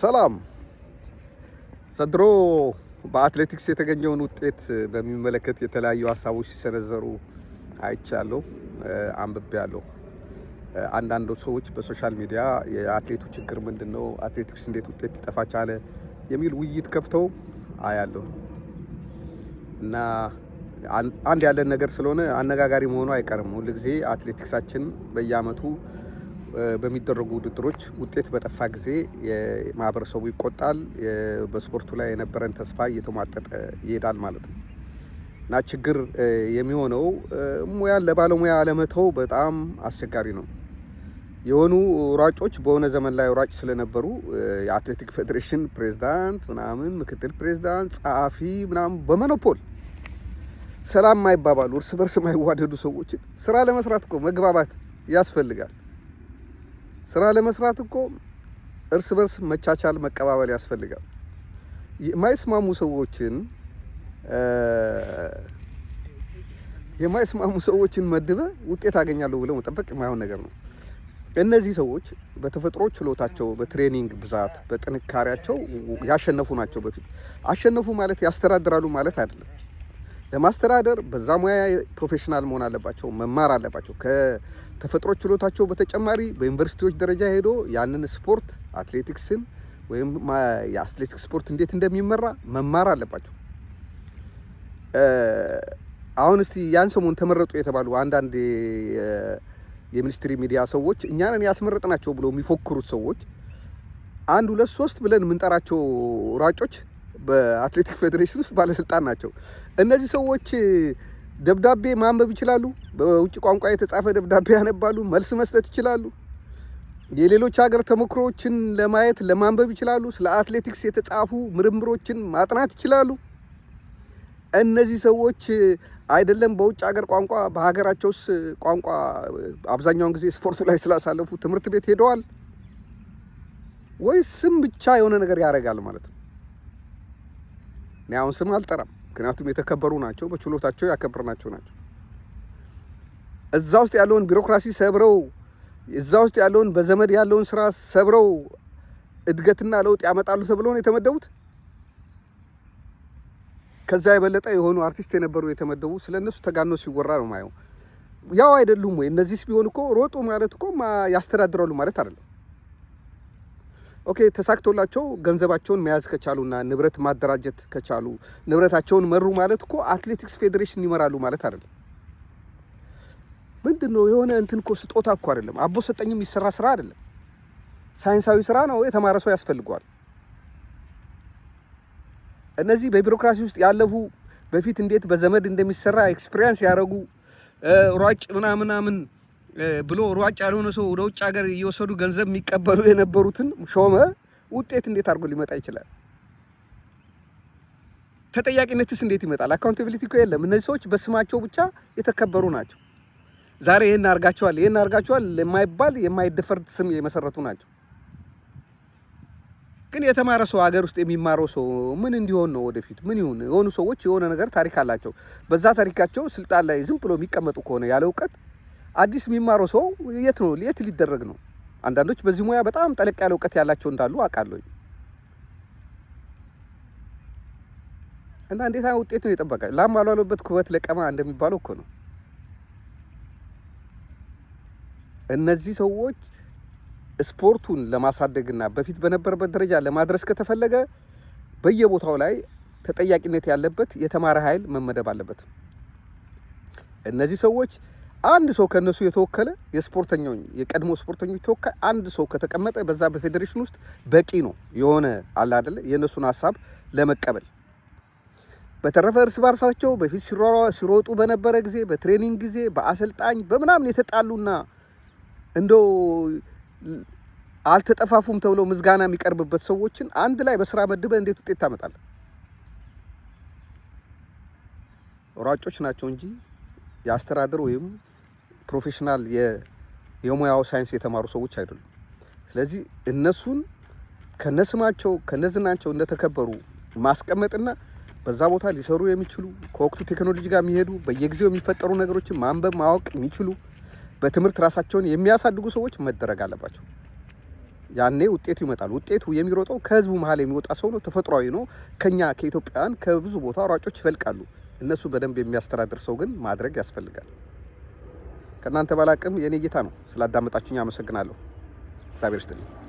ሰላም ዘንድሮ በአትሌቲክስ የተገኘውን ውጤት በሚመለከት የተለያዩ ሀሳቦች ሲሰነዘሩ አይቻለሁ፣ አንብቤያለሁ። አንዳንድ ሰዎች በሶሻል ሚዲያ የአትሌቱ ችግር ምንድን ነው፣ አትሌቲክስ እንዴት ውጤት ሊጠፋ ቻለ የሚል ውይይት ከፍተው አያለሁ እና አንድ ያለን ነገር ስለሆነ አነጋጋሪ መሆኑ አይቀርም። ሁልጊዜ አትሌቲክሳችን በየአመቱ በሚደረጉ ውድድሮች ውጤት በጠፋ ጊዜ ማህበረሰቡ ይቆጣል። በስፖርቱ ላይ የነበረን ተስፋ እየተሟጠጠ ይሄዳል ማለት ነው እና ችግር የሚሆነው ሙያን ለባለሙያ አለመተው በጣም አስቸጋሪ ነው። የሆኑ ሯጮች በሆነ ዘመን ላይ ሯጭ ስለነበሩ የአትሌቲክ ፌዴሬሽን ፕሬዚዳንት ምናምን፣ ምክትል ፕሬዝዳንት፣ ጸሐፊ ምናምን በመኖፖል ሰላም ማይባባሉ እርስ በርስ ማይዋደዱ ሰዎችን ስራ ለመስራት እኮ መግባባት ያስፈልጋል። ስራ ለመስራት እኮ እርስ በርስ መቻቻል፣ መቀባበል ያስፈልጋል። የማይስማሙ ሰዎችን የማይስማሙ ሰዎችን መድበ ውጤት አገኛለሁ ብለው መጠበቅ የማይሆን ነገር ነው። እነዚህ ሰዎች በተፈጥሮ ችሎታቸው፣ በትሬኒንግ ብዛት፣ በጥንካሬያቸው ያሸነፉ ናቸው። በፊት አሸነፉ ማለት ያስተዳድራሉ ማለት አይደለም። ለማስተዳደር በዛ ሙያ ፕሮፌሽናል መሆን አለባቸው፣ መማር አለባቸው። ተፈጥሮ ችሎታቸው በተጨማሪ በዩኒቨርሲቲዎች ደረጃ ሄዶ ያንን ስፖርት አትሌቲክስን ወይም የአትሌቲክስ ስፖርት እንዴት እንደሚመራ መማር አለባቸው። አሁን እስቲ ያን ሰሞን ተመረጡ የተባሉ አንዳንድ የሚኒስትሪ ሚዲያ ሰዎች እኛንን ያስመረጥ ናቸው ብለው የሚፎክሩት ሰዎች አንድ ሁለት ሶስት ብለን የምንጠራቸው ሯጮች በአትሌቲክ ፌዴሬሽን ውስጥ ባለስልጣን ናቸው። እነዚህ ሰዎች ደብዳቤ ማንበብ ይችላሉ። በውጭ ቋንቋ የተጻፈ ደብዳቤ ያነባሉ፣ መልስ መስጠት ይችላሉ። የሌሎች ሀገር ተሞክሮዎችን ለማየት ለማንበብ ይችላሉ። ስለ አትሌቲክስ የተጻፉ ምርምሮችን ማጥናት ይችላሉ። እነዚህ ሰዎች አይደለም በውጭ ሀገር ቋንቋ በሀገራቸውስ ቋንቋ አብዛኛውን ጊዜ ስፖርቱ ላይ ስላሳለፉ ትምህርት ቤት ሄደዋል ወይስ ስም ብቻ የሆነ ነገር ያደርጋል ማለት ነው። እኔ አሁን ስም አልጠራም። ምክንያቱም የተከበሩ ናቸው፣ በችሎታቸው ያከበርናቸው ናቸው። እዛ ውስጥ ያለውን ቢሮክራሲ ሰብረው እዛ ውስጥ ያለውን በዘመድ ያለውን ስራ ሰብረው እድገትና ለውጥ ያመጣሉ ተብለው ነው የተመደቡት። ከዛ የበለጠ የሆኑ አርቲስት የነበሩ የተመደቡ ስለ እነሱ ተጋኖ ሲወራ ነው ማየው። ያው አይደሉም ወይ? እነዚህስ ቢሆን እኮ ሮጡ ማለት እኮ ያስተዳድራሉ ማለት አይደለም። ኦኬ ተሳክቶላቸው ገንዘባቸውን መያዝ ከቻሉና ንብረት ማደራጀት ከቻሉ ንብረታቸውን መሩ ማለት እኮ አትሌቲክስ ፌዴሬሽን ይመራሉ ማለት አይደለም። ምንድን ነው የሆነ እንትን እኮ ስጦታ እኮ አይደለም። አቦ ሰጠኝ የሚሰራ ስራ አይደለም። ሳይንሳዊ ስራ ነው። የተማረ ሰው ያስፈልገዋል። እነዚህ በቢሮክራሲ ውስጥ ያለፉ በፊት እንዴት በዘመድ እንደሚሰራ ኤክስፒሪየንስ ያደረጉ ሯጭ ምናምናምን ብሎ ሯጭ ያልሆነ ሰው ወደ ውጭ ሀገር እየወሰዱ ገንዘብ የሚቀበሉ የነበሩትን ሾመ። ውጤት እንዴት አድርጎ ሊመጣ ይችላል? ተጠያቂነትስ እንዴት ይመጣል? አካውንታቢሊቲ እኮ የለም። እነዚህ ሰዎች በስማቸው ብቻ የተከበሩ ናቸው። ዛሬ ይህን አርጋቸዋል፣ ይህን አርጋቸዋል የማይባል የማይደፈር ስም የመሰረቱ ናቸው። ግን የተማረ ሰው ሀገር ውስጥ የሚማረው ሰው ምን እንዲሆን ነው? ወደፊት ምን ይሁን? የሆኑ ሰዎች የሆነ ነገር ታሪክ አላቸው። በዛ ታሪካቸው ስልጣን ላይ ዝም ብሎ የሚቀመጡ ከሆነ ያለ እውቀት አዲስ የሚማረው ሰው የት ነው የት ሊደረግ ነው? አንዳንዶች በዚህ ሙያ በጣም ጠለቅ ያለ እውቀት ያላቸው እንዳሉ አውቃለሁ። እና እንዴት ውጤት ነው የጠበቀ ላም ባልዋለበት ኩበት ለቀማ እንደሚባለው እኮ ነው። እነዚህ ሰዎች ስፖርቱን ለማሳደግና በፊት በነበረበት ደረጃ ለማድረስ ከተፈለገ በየቦታው ላይ ተጠያቂነት ያለበት የተማረ ኃይል መመደብ አለበት። እነዚህ ሰዎች አንድ ሰው ከነሱ የተወከለ የስፖርተኛው የቀድሞ ስፖርተኞች ተወካይ አንድ ሰው ከተቀመጠ በዛ በፌዴሬሽን ውስጥ በቂ ነው የሆነ አለ አይደለ የእነሱን ሀሳብ ለመቀበል። በተረፈ እርስ በርሳቸው በፊት ሲሮጡ በነበረ ጊዜ በትሬኒንግ ጊዜ በአሰልጣኝ በምናምን የተጣሉና እንደው አልተጠፋፉም ተብሎ ምዝጋና የሚቀርብበት ሰዎችን አንድ ላይ በስራ መድበ እንዴት ውጤት ታመጣለ? ሯጮች ናቸው እንጂ የአስተዳደር ወይም ፕሮፌሽናል የሙያው ሳይንስ የተማሩ ሰዎች አይደሉም። ስለዚህ እነሱን ከነስማቸው ከነዝናቸው እንደተከበሩ ማስቀመጥና በዛ ቦታ ሊሰሩ የሚችሉ ከወቅቱ ቴክኖሎጂ ጋር የሚሄዱ በየጊዜው የሚፈጠሩ ነገሮችን ማንበብ ማወቅ የሚችሉ በትምህርት ራሳቸውን የሚያሳድጉ ሰዎች መደረግ አለባቸው። ያኔ ውጤቱ ይመጣል። ውጤቱ የሚሮጠው ከህዝቡ መሀል የሚወጣ ሰው ነው። ተፈጥሯዊ ነው። ከኛ ከኢትዮጵያውያን ከብዙ ቦታ ሯጮች ይፈልቃሉ። እነሱ በደንብ የሚያስተዳድር ሰው ግን ማድረግ ያስፈልጋል። ከእናንተ ባላቅም የእኔ ጌታ ነው። ስላዳመጣችሁኝ አመሰግናለሁ። እግዚአብሔር ይስጥልኝ።